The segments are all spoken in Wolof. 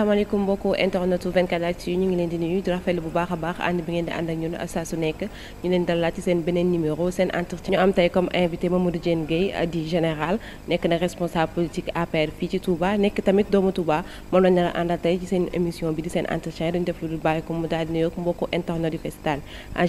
asalaamaaleykum mbokku internet 24 actu ngi leen di nuyu di rafetlu bu baax a baax ànd bi ngeen di ànd ak ñun nekk ñu leen dalal ci seen beneen numéro seen entretien. ñu am tey comme invité Mamadou Diène Gueye euh, di général nekk na responsable politique APR fii ci Touba nekk tamit doomu Touba moom lañ la àndal tey ci seen émission bi di seen entretien dañu def lu dul bàyyi ko mu daal di nuyoog mbokku internet yu festival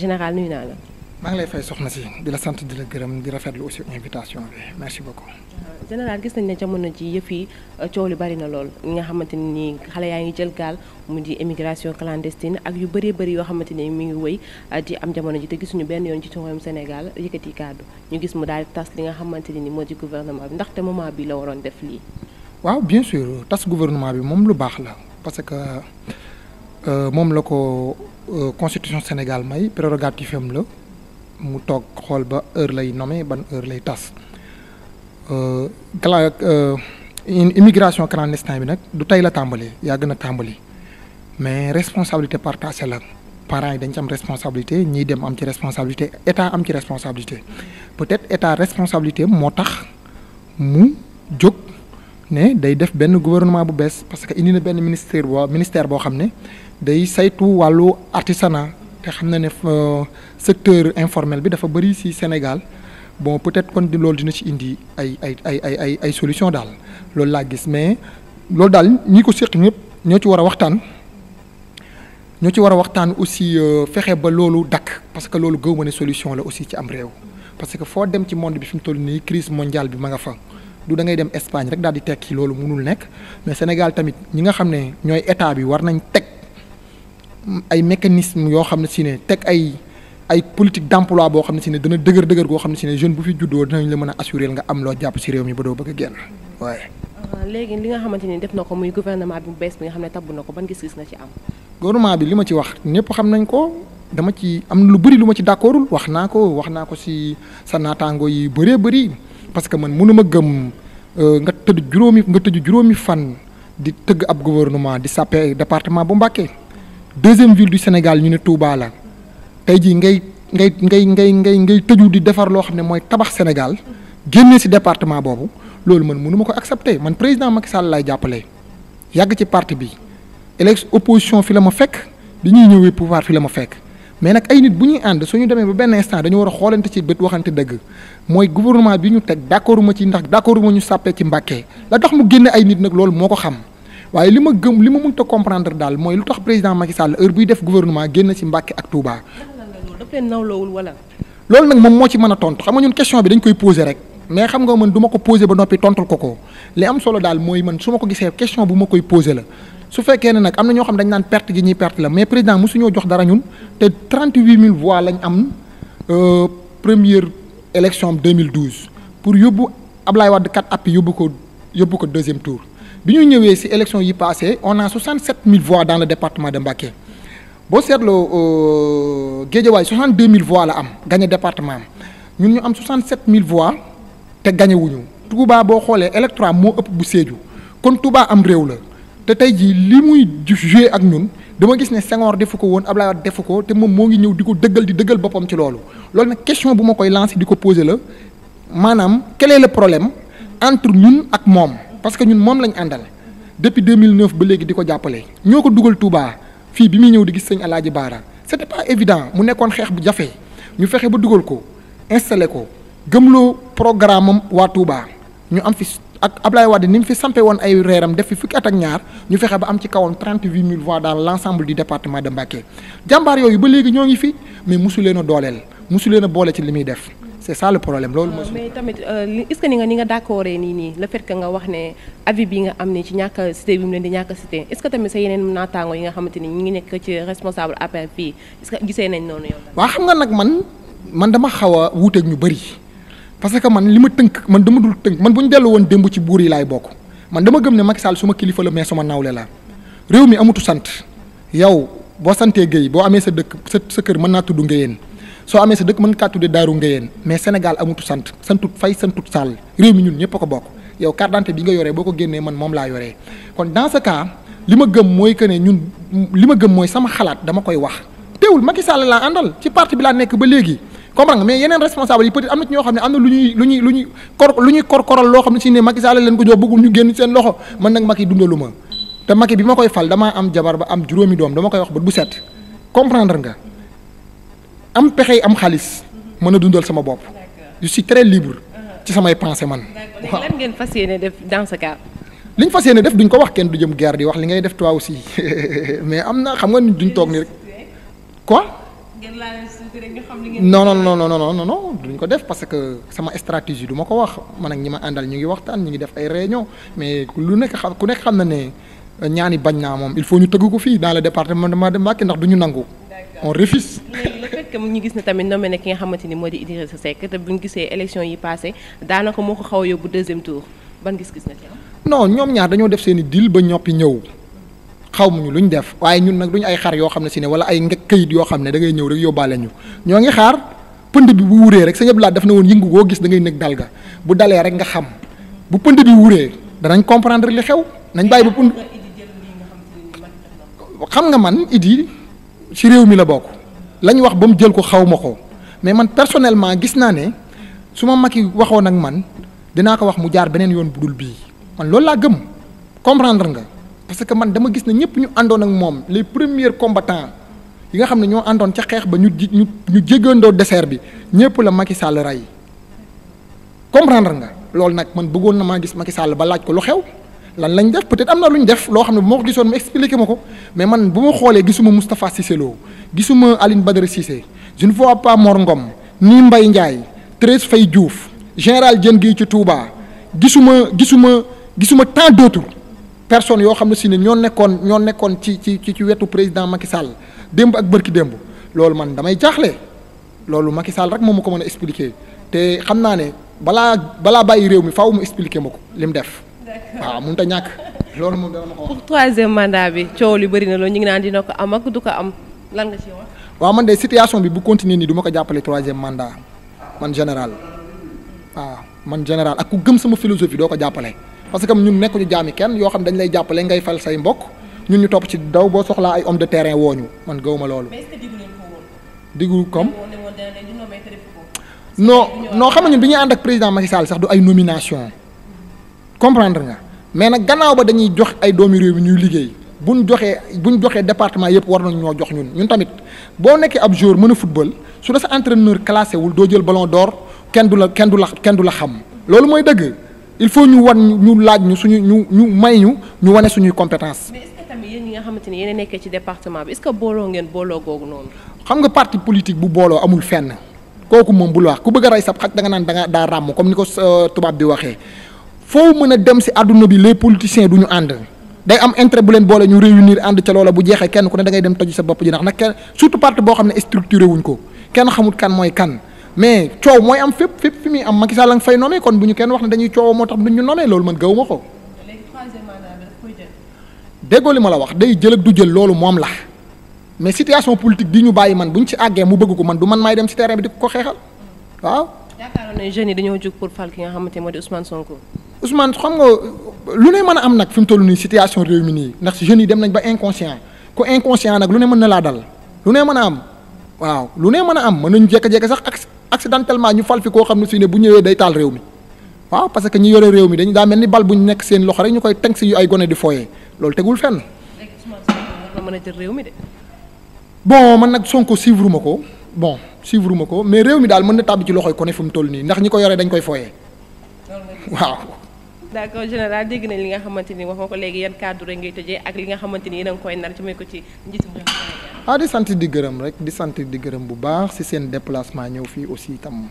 général nuyu naa la. maa ngi lay fay soxna si di la sant di la gërëm di rafetlu aussi invitation bi merci beaucoup. Euh, général gis nañ ne jamono ji yëpp yi euh, coow li bari na lool nga xamante ni nii xale yaa ngi jël gaal mu di émigration clandestine ak yu bëree bëri yoo xamante ni mu ngi wëy euh, di am jamono ji te gisuñu benn yoon ci coowam Sénégal yëkkati kàddu ñu gis mu daal tas li nga xamante ni moo di gouvernement bi ndaxte moment bi la waroon def lii. waaw bien sûr tas gouvernement bi moom lu baax la parce que moom la ko constitution Sénégal may prérogative la. mu toog xool ba heure lay nommé ba heure lay tas gala euh, euh, immigration clandestin bi nag du tey la tàmbali yaa gën a tàmbali mais responsabilité partagée la parent yi dañ ci responsabilité ñiy dem am ci responsabilité état am ci responsabilité peut-être état responsabilité moo tax mu jóg ne day def benn gouvernement bu bees parce que indi na benn ministère boo ministère boo xam ne day saytu wàllu artisanat te xam na ne euh, secteur informel bi dafa bëri ci Sénégal bon peut-être kon loolu dina ci indi ay ay ay ay ay ay solution daal loolu laa gis mais loolu daal ñi ko séq ñëpp ñoo ci war a waxtaan ñoo ci war a waxtaan aussi euh, fexe ba loolu dakk parce que loolu gëw ma ne solution la aussi ci am réew parce que foo dem ci monde bi fi mu toll nii crise mondiale bi ma nga fa du da ngay dem Espagne rek daal di tekki loolu mënul nekk mais Sénégal tamit ñi nga xam ne ñooy état bi war nañ teg. ay mécanisme yoo xam ne si ne teg ay ay politique d'emploi boo xam ne si ne dana dëgër dëgër goo xam ne si ne jeune bu fi juddoo dinañ la mën a assurer nga am loo jàpp si réew mi ba doo bëgg a génn waaye. Euh, léegi li nga xamante ni def na ko muy gouvernement bu bees bi nga xam ne tabbu na ko ban gis-gis nga ci am. gouvernement bi li ma ci wax ñëpp xam nañ ko dama ci am lu bëri lu ma ci d'accordul wax naa ko wax naa ko si sa naataango yi bëree bëri parce que man mënu ma gëm euh, nga tëdd juróomi nga tëju juróomi fan di tëgg ab gouvernement di sàppe département bu Mbacké deuxième ville du Sénégal ñu ne Touba la tey jii ngay ngay ngay ngay ngay ngay tëju di defar loo xam ne mooy tabax Sénégal génne ci département boobu loolu man mënuma ko accepter man président Macky Sall laay jàppale yàgg ci parti bi élect opposition fi la ma fekk bi ñuy ñëwee pouvoir fi la ma fekk mais nag ay nit bu ñuy ànd ñu demee ba benn instant dañu war a xoolante ci bët waxante dëgg mooy gouvernement bi ñu teg d'accord ma ci ndax d'accord ma ñu sàppee ci Mbàkke la tax mu génne ay nit nag loolu moo ko xam waaye li ma gëm li ma mënta comprendre daal mooy lu tax président Macky Sall heure buy def gouvernement génn ci Mbàkke ak Touba. loolu nag moom moo ci mën a tontu xam nga ñun question bi dañ koy poser rek mais xam nga man du ma ko poser ba noppi tontul ko ko li am solo daal mooy man su ma ko gisee question bu ma koy poser la. su fekkee ne nag am na ñoo xam dañ naan perte gi ñuy perte la mais président mosuñoo jox dara ñun te 38000 voix lañ am euh, première élection 2012 pour yóbbu Ablaye Wade 4 appuis yóbbu ko yóbbu ko deuxième tour. bi ñu ñëwee ci élection yi passé on a 67000 voix dans le département de Mbacké boo seetloo euh, deux mille voix la am gagné département am ñun ñu am mille voix te gagné wuñu Touba boo xoolee électorat moo ëpp bu Sédhiou kon Touba am réew la te tey jii li muy joué ak ñun dama gis ne Senghor defu ko woon Abdoulaye Wade defu ko te moom moo ngi ñëw di ko dëggal di dëggal boppam ci loolu loolu nag question bu ma koy lancé di ko posé la maanaam quel problème entre ñun ak moom. parce que ñun moom lañu àndal depuis 2009 ba léegi di ko jàppale ñoo ko dugal Touba fii bi muy ñëw di gis sëñ Alaaji Baara c'était pas évident mu nekkoon xeex bu jafe ñu fexe ba dugal ko installé ko gëmloo programme am waa Touba ñu am fi ak Ablaye Wade ni mu fi sampe woon ay reeram def fi fukki at ak ñaar ñu fexe ba am ci kawoon trente huit mille voix dans l'ensemble du département de Mbacké jàmbaar yooyu ba léegi ñoo ngi fi mais mosu leen dooleel mosu leen boole ci li muy def. c'est ça le problème loolu mooy. Euh, mais tamit euh, est-ce que ni nga ni nga d'accord nii nii le fait nga wax ne avis bi nga am ni ci ñàkk a bi mu leen di ñàkk a cité est-ce que tamit sa yeneen naataango yi nga xamante ni ñu ngi nekk ci responsable APR fii est-ce nañ noonu yow. waa xam nga nag man man dama xaw a wuuteeg ñu bëri parce que man li ma tënk man dama dul tënk man bu ñu dellu woon démb ci buur yi laay bokk man dama gëm ne Macky Sall suma kilifa la mais suma nawle la réew mi amutu sant yow boo santee géy boo amee sa dëkk sa sa kër mën naa tudd ngéyeen soo amee sa dëkk man kaa tuddee daaru ngéyeen mais Sénégal amutu sant santut fay santut sàll réew mi ñun ñëpp ko bokk yow carte d'identité bi nga yoree boo ko génnee man moom laa yoree kon dans ce li ma gëm mooy que ne ñun li ma gëm mooy sama xalaat dama koy wax teewul Macky Sall laa àndal ci parti bi laa nekk ba léegi comprendre mais yeneen responsable yi peut am na ci ñoo xam ne am na lu ñuy lu ñuy lu ñuy kor lu ñuy korkoral loo xam ne si ne Macky Sall leen ko jox bëggul ñu génn seen loxo man nag Macky dundalu ma te Macky bi ma koy fal damaa am jabar ba am juróomi doom dama koy wax bët bu set comprendre nga am pexe am xaalis mën a dundal sama bopp je suis très libre ci samay pensées man. waaw lan ngeen fas yéene def li ñu fas yéene def duñ ko wax kenn du jëm guerre di wax li ngay def toi aussi mais am na xam nga nit duñ toog ni rek quoi. ngeen laal suuti rek ñu xam duñ ko def parce que sama stratégie du ma ko wax man ak ñi ma àndal ñu ngi waxtaan ñu ngi def ay réunion mais lu nekk xam ku nekk xam na ne ñaani bañ naa moom il faut ñu tëgg ko fii dans le département de Mbacké ndax du ñu nangu. on refuse. rek ñu gis ne tamit nommé na ki nga xamante ni moo di Idrissa Seck te bu ñu gisee élection yi passé daanaka moo ko xaw a bu deuxième tour ban gis-gis na ci non ñoom ñaar dañoo def seen i deal ba ñoppi ñëw xaw ma ñu lu ñu def waaye ñun nag lu ñu ay xar yoo xam ne si ne wala ay nga këyit yoo xam ne da ñëw rek yóbbaale ñu ñoo ngi xaar pënd bi bu wuree rek sa ñëpp laa def na woon yëngu koo gis da ngay nekk dal ga bu dalee rek nga xam bu pënd bi wuree danañ comprendre li xew nañ bàyyi ba pënd xam nga man Idi ci réew mi la bokk lañ wax ba mu jël ko xaw ma ko mais man personnellement gis naa ne su ma mag yi waxoon ak man dinaa ko wax mu jaar beneen yoon bu dul bii man loolu laa gëm comprendre nga parce que man dama gis ne ñëpp ñu àndoon ak moom les premiers combattants yi nga xam ne ñoo àndoon ca xeex ba ñu ji ñu ñu jéggandoo désert bi ñëpp la Macky Sall rey comprendre nga loolu nag man bëggoon na maa gis Macky sàll ba laaj ko lu xew. lan lañ def peut-être am na lu ñu def loo xam ne bu ma ko gisoon mu expliqué ma ko mais man bu ma xoolee gisuma Moustapha Cissé Lo gisuma Aline Badara Cissé je ne vois pas Mor mbay ni Mbaye Ndiaye Thérèse Faye Diouf général Diène Guèye ci Touba gisuma gisuma gisuma tant d'autres personnes yoo xam ne si ne ñoo nekkoon ñoo nekkoon ci ci ci wetu président Macky Sall démb ak bërki démb loolu man damay jaaxle loolu Macky Sall rek moom mu ko mën a expliquer te xam naa ne balaa balaa bàyyi réew mi faaw mu expliquer ma ko li mu def. waaw mënut a ñàkk loolu moom dana ma ko wax. bi coow li bëri na loolu ñu ngi naan dina ko am ak du ko am lan waaw man de situation bi bu continuer nii du ma ko jàppale troisième mandat man général waaw man général ak ku gëm sama philosophie doo ko jàppale parce que ñun nekkuñu jaami kenn yoo xam dañ lay jàppale ngay fal say mbokk ñun ñu topp ci daw boo soxlaa ay homme de terrain wooñu man gawuma loolu. diggu comme non noo xam nga bi ñuy ànd ak président Macky Sall sax du ay nomination. comprendre nga mais nag gannaaw ba dañuy jox ay doomi réew mi ñuy liggéey bu ñu joxee bu ñu joxee département yëpp war nañ ñoo jox ñun ñun tamit boo nekkee ab jour mën a football su la sa entraîneur classé wul doo jël ballon door kenn du la kenn du la kenn du la xam loolu mooy dëgg il faut ñu wan ñu laaj ñu suñu ñu ñu may ñu ñu wane suñuy compétence tamit yéen nga xamante ni nekkee ci département bi est que booloo ngeen booloo googu noonu. xam nga parti politique bu booloo amul fenn kooku moom bu wax ku bëgg rey sab xaj da nga naan da daa ràmm comme ni ko euh, tubaab bi waxee foo mën a dem si àdduna bi les politiciens du ñu ànd day am intérêt bu leen boole ñu réunir ànd ca loola bu jeexee kenn ku ne da ngay dem toj sa bopp ji ndax nag kenn surtout parti boo xam ne structuré wuñ ko kenn xamut kan mooy kan mais coow mooy am fépp fépp fi muy am Macky Sall la nga fay nommé kon bu ñu kenn wax ne dañuy coow moo tax duñ ñu nommé loolu man gaw ma ko. déggoo li ma la wax day jël ak du jël loolu moom la mais situation politique bi ñu bàyyi man bu ñu ci àggee mu bëgg ko man du man maay dem ci terrain bi di ko xeexal waaw. yaakaaroon ne jeunes yi dañoo jóg pour fal ne moo di Ousmane Sonko. Ousmane xam nga lu ne mën a am nag fi mu toll nii situation réew mi nii ndax jeunes yi dem nañ ba inconscient ko inconscient nag lu ne mën na laa dal lu ne mën a am waaw lu ne mën a am mën nañu jékki-jékki sax accidentellement ñu fal fi koo xam ne si ne bu ñëwee day taal réew mi waaw parce que ñi yore réew mi dañ daa mel ni bal bu nekk seen loxo rek ñu koy tënk si yu ay gone di fooyee loolu tegul fenn. mën a jël réew mi de. bon man nag Sonko suivre ma ko bon suivre ma ko mais réew mi daal mën na tàbbi ci loxoy ko ne fu mu toll nii ndax ñi ko yore koy fooyee d'accord général dégg nañ li nga xamante ni wax nga ko léegi yan kàddu rek ngay tëjee ak li nga xamante ni yéen a ngi koy nar ci may ko ci njiitum réew ah di sant di gërëm rek di sant di gërëm bu baax si seen déplacement ñëw fii aussi itam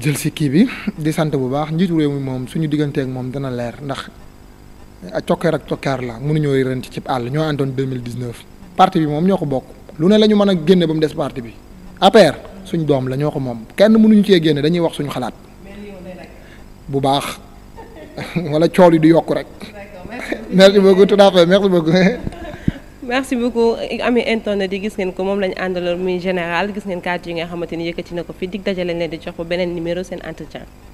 jël si kii bi di sant bu baax njiitu réew mi moom suñu diggante moom dana leer ndax cokkeer ak cokkaar la mënuñoo ren ci àll ñoo àndoon 2019 parti bi moom ñoo ko bokk lu ne la ñu mën a génne ba mu des parti bi APR suñu doom la ñoo ko moom kenn mënuñu cee génne dañuy wax suñu xalaat baax wala cool yi du yokk rek. merci beaucoup tout à fait merci beaucoup. merci beaucoup ami internet yi gis ngeen ko moom lañu àndaloon muy général gis ngeen kàddu yi nga xamante ni yëkkati na ko fii dig dajale leen di jox ba beneen numéro seen entretien.